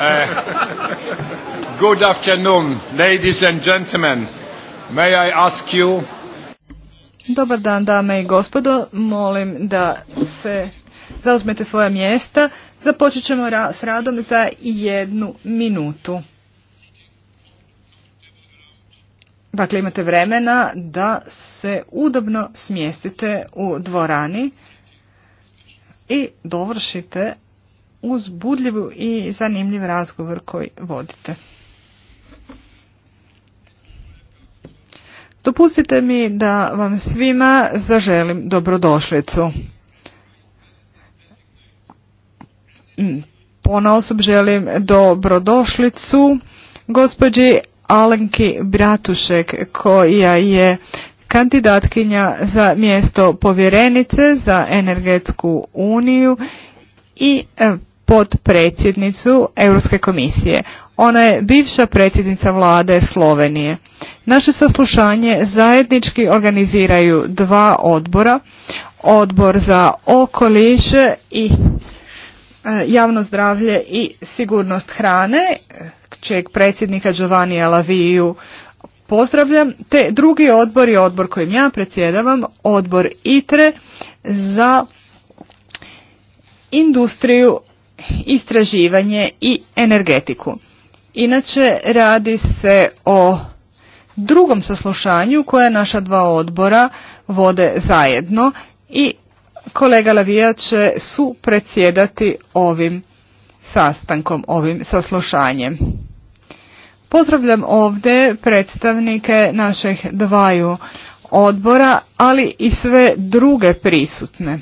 Eh, good afternoon, ladies and gentlemen. May I ask you... Dobar dan, dame i gospodo. Molim da se zauzmete svoja mjesta. Započet ćemo s radom za jednu minutu. Dakle, imate vremena da se udobno smjestite u dvorani i dovršite uz budljivu i zanimljiv razgovor koji vodite. Dopustite mi da vam svima zaželim dobrodošlicu. Ponaosob želim dobrodošlicu gospođi Alenki Bratušek koja je kandidatkinja za mjesto povjerenice za energetsku uniju i e, potpredsjednicu Europske komisije. Ona je bivša predsjednica vlade Slovenije. Naše saslušanje zajednički organiziraju dva odbora, odbor za okoliš i e, javno zdravlje i sigurnost hrane, čijeg predsjednika Giovanni Alaviju pozdravljam, te drugi odbor je odbor kojim ja predsjedavam, odbor ITRE za industriju istraživanje i energetiku. Inače radi se o drugom saslušanju koje naša dva odbora vode zajedno i kolega Lavija će su predsjedati ovim sastankom, ovim saslušanjem. Pozdravljam ovdje predstavnike naših dvaju odbora, ali i sve druge prisutne.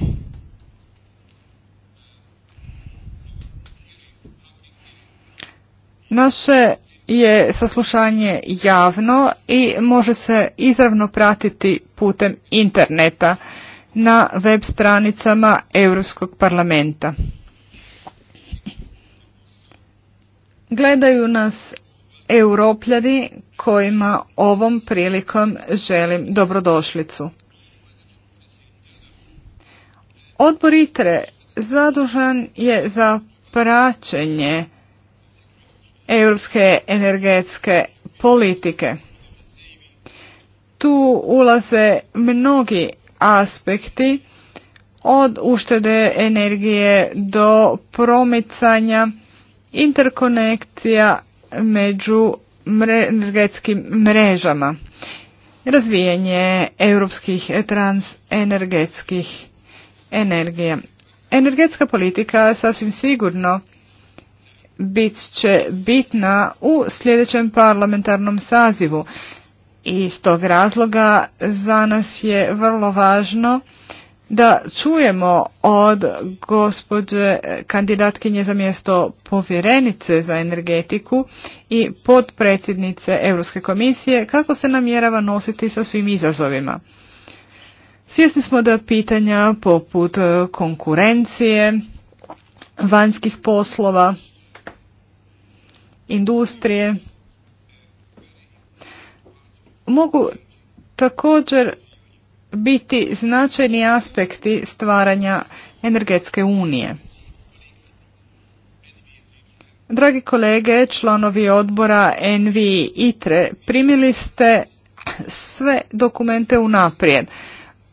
Naše je saslušanje javno i može se izravno pratiti putem interneta na web stranicama Europskog parlamenta. Gledaju nas europljani kojima ovom prilikom želim dobrodošlicu. Odbor ITRE zadužan je za praćenje europske energetske politike. Tu ulaze mnogi aspekti od uštede energije do promicanja interkonekcija među energetskim mrežama, razvijanje europskih transenergetskih energija. Energetska politika sasvim sigurno bit će bitna u sljedećem parlamentarnom sazivu. I Iz tog razloga za nas je vrlo važno da čujemo od gospođe kandidatkinje za mjesto povjerenice za energetiku i podpredsjednice Europske komisije kako se namjerava nositi sa svim izazovima. Svjesni smo da pitanja poput konkurencije, vanjskih poslova, industrije mogu također biti značajni aspekti stvaranja energetske unije. Dragi kolege, članovi odbora NV ITRE, primili ste sve dokumente unaprijed.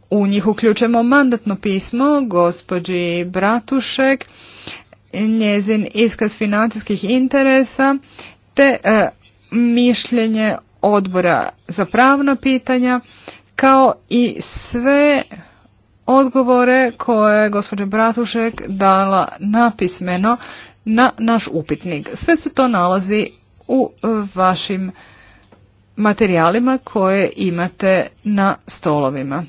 U njih uključujemo mandatno pismo gospođi Bratušek, njezin iskaz financijskih interesa te e, mišljenje odbora za pravna pitanja kao i sve odgovore koje je gospođa Bratušek dala napismeno na naš upitnik. Sve se to nalazi u e, vašim materijalima koje imate na stolovima.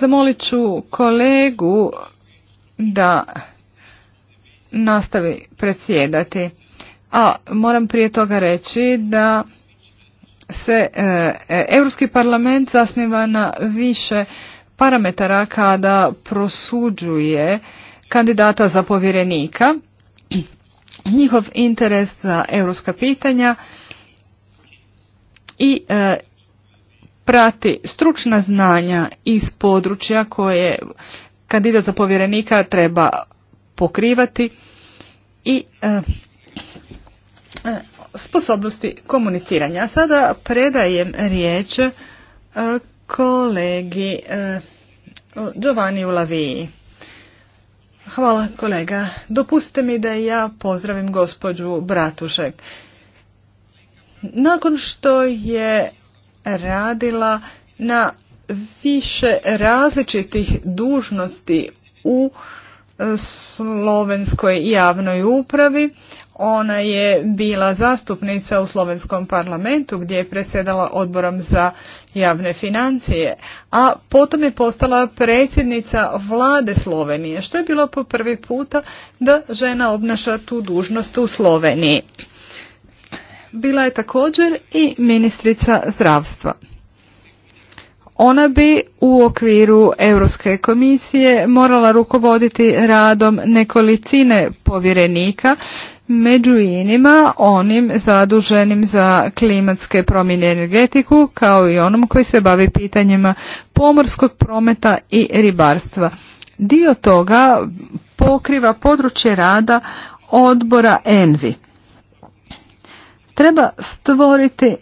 Zamolit ću kolegu da nastavi predsjedati. A moram prije toga reći da se e, e, Europski parlament zasniva na više parametara kada prosuđuje kandidata za povjerenika, njihov interes za europska pitanja i e, prati stručna znanja iz područja koje kandidat za povjerenika treba pokrivati i e, e, sposobnosti komuniciranja. sada predajem riječ e, kolegi e, Giovanni Ulaviji. Hvala kolega. Dopustite mi da ja pozdravim gospođu Bratušek. Nakon što je radila na više različitih dužnosti u e, slovenskoj javnoj upravi. Ona je bila zastupnica u slovenskom parlamentu gdje je predsjedala odborom za javne financije, a potom je postala predsjednica vlade Slovenije, što je bilo po prvi puta da žena obnaša tu dužnost u Sloveniji bila je također i ministrica zdravstva. Ona bi u okviru Europske komisije morala rukovoditi radom nekolicine povjerenika, među inima onim zaduženim za klimatske promjene energetiku kao i onom koji se bavi pitanjima pomorskog prometa i ribarstva. Dio toga pokriva područje rada odbora ENVI. Treba stvoriti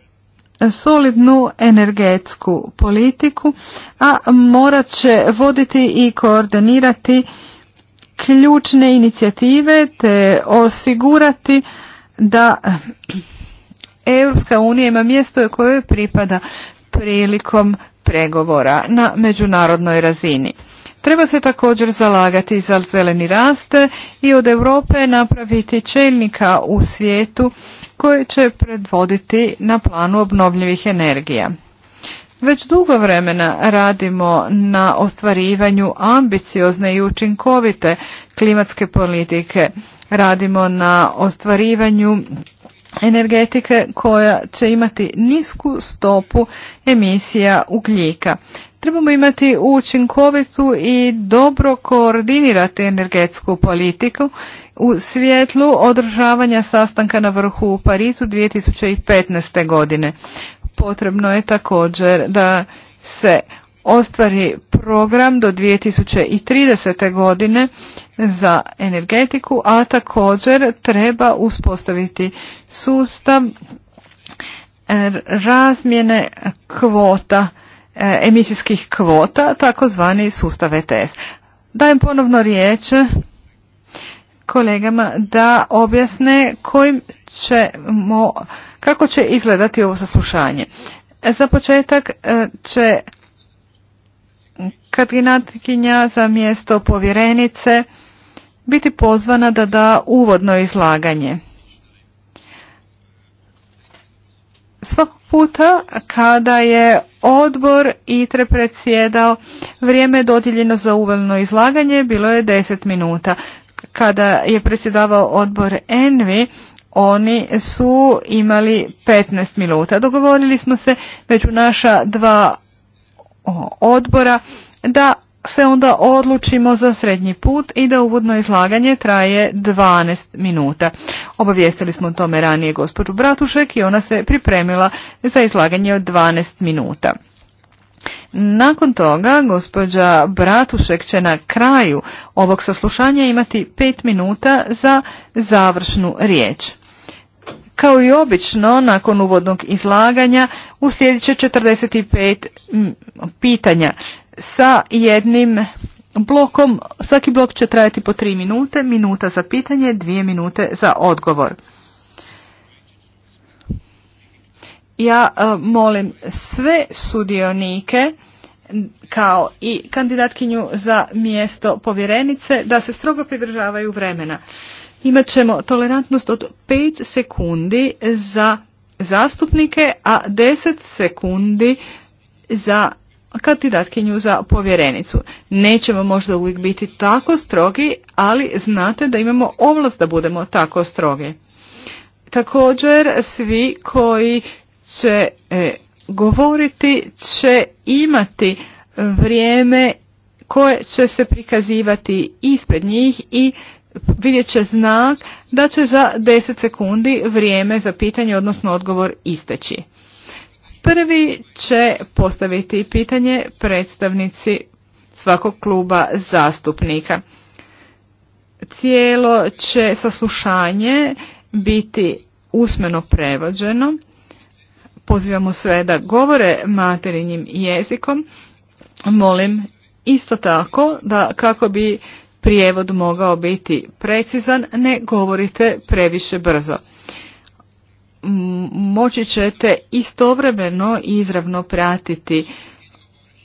solidnu energetsku politiku, a morat će voditi i koordinirati ključne inicijative te osigurati da Europska unija ima mjesto koje pripada prilikom pregovora na međunarodnoj razini. Treba se također zalagati za zeleni raste i od Europe napraviti čelnika u svijetu koji će predvoditi na planu obnovljivih energija. Već dugo vremena radimo na ostvarivanju ambiciozne i učinkovite klimatske politike. Radimo na ostvarivanju energetike koja će imati nisku stopu emisija ugljika. Trebamo imati učinkovitu i dobro koordinirati energetsku politiku u svjetlu održavanja sastanka na vrhu u Parizu 2015. godine. Potrebno je također da se ostvari program do 2030. godine za energetiku, a također treba uspostaviti sustav e, razmjene kvota E, emisijskih kvota, takozvani sustav ETS. Dajem ponovno riječ kolegama da objasne kojim kako će izgledati ovo saslušanje. Za početak e, će kandidatkinja za mjesto povjerenice biti pozvana da da uvodno izlaganje. Svakog puta kada je odbor ITRE predsjedao, vrijeme dodijeljeno za uvelno izlaganje bilo je 10 minuta. Kada je predsjedavao odbor ENVI, oni su imali 15 minuta. Dogovorili smo se među naša dva odbora da se onda odlučimo za srednji put i da uvodno izlaganje traje 12 minuta. Obavijestili smo o tome ranije gospođu Bratušek i ona se pripremila za izlaganje od 12 minuta. Nakon toga gospođa Bratušek će na kraju ovog saslušanja imati 5 minuta za završnu riječ. Kao i obično, nakon uvodnog izlaganja uslijedit će 45 pitanja sa jednim blokom. Svaki blok će trajati po 3 minute, minuta za pitanje, dvije minute za odgovor. Ja e, molim sve sudionike kao i kandidatkinju za mjesto povjerenice da se strogo pridržavaju vremena imat ćemo tolerantnost od 5 sekundi za zastupnike, a 10 sekundi za kandidatkinju za povjerenicu. Nećemo možda uvijek biti tako strogi, ali znate da imamo ovlast da budemo tako strogi. Također, svi koji će e, govoriti će imati vrijeme koje će se prikazivati ispred njih i vidjet će znak da će za 10 sekundi vrijeme za pitanje, odnosno odgovor, isteći. Prvi će postaviti pitanje predstavnici svakog kluba zastupnika. Cijelo će saslušanje biti usmeno prevođeno. Pozivamo sve da govore materinjim jezikom. Molim isto tako da kako bi prijevod mogao biti precizan, ne govorite previše brzo. Moći ćete istovremeno izravno pratiti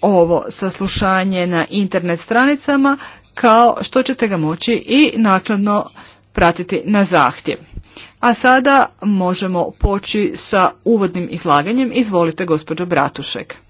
ovo saslušanje na internet stranicama kao što ćete ga moći i nakladno pratiti na zahtjev. A sada možemo poći sa uvodnim izlaganjem. Izvolite gospođo Bratušek.